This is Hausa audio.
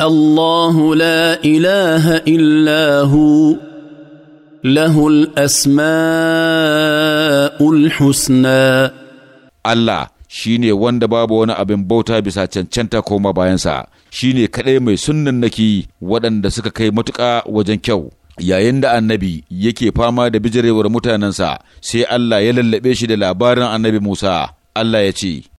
الله لا اله الا هو له الاسماء الحسنى الله shine wanda babu wani abin bauta bisa cancanta koma bayansa shine kaɗai mai sunnan naki waɗanda suka kai matuƙa wajen kyau yayin da annabi yake fama da bijirewar mutanensa sai Allah ya lallaɓe shi da labarin annabi Musa Allah ya ce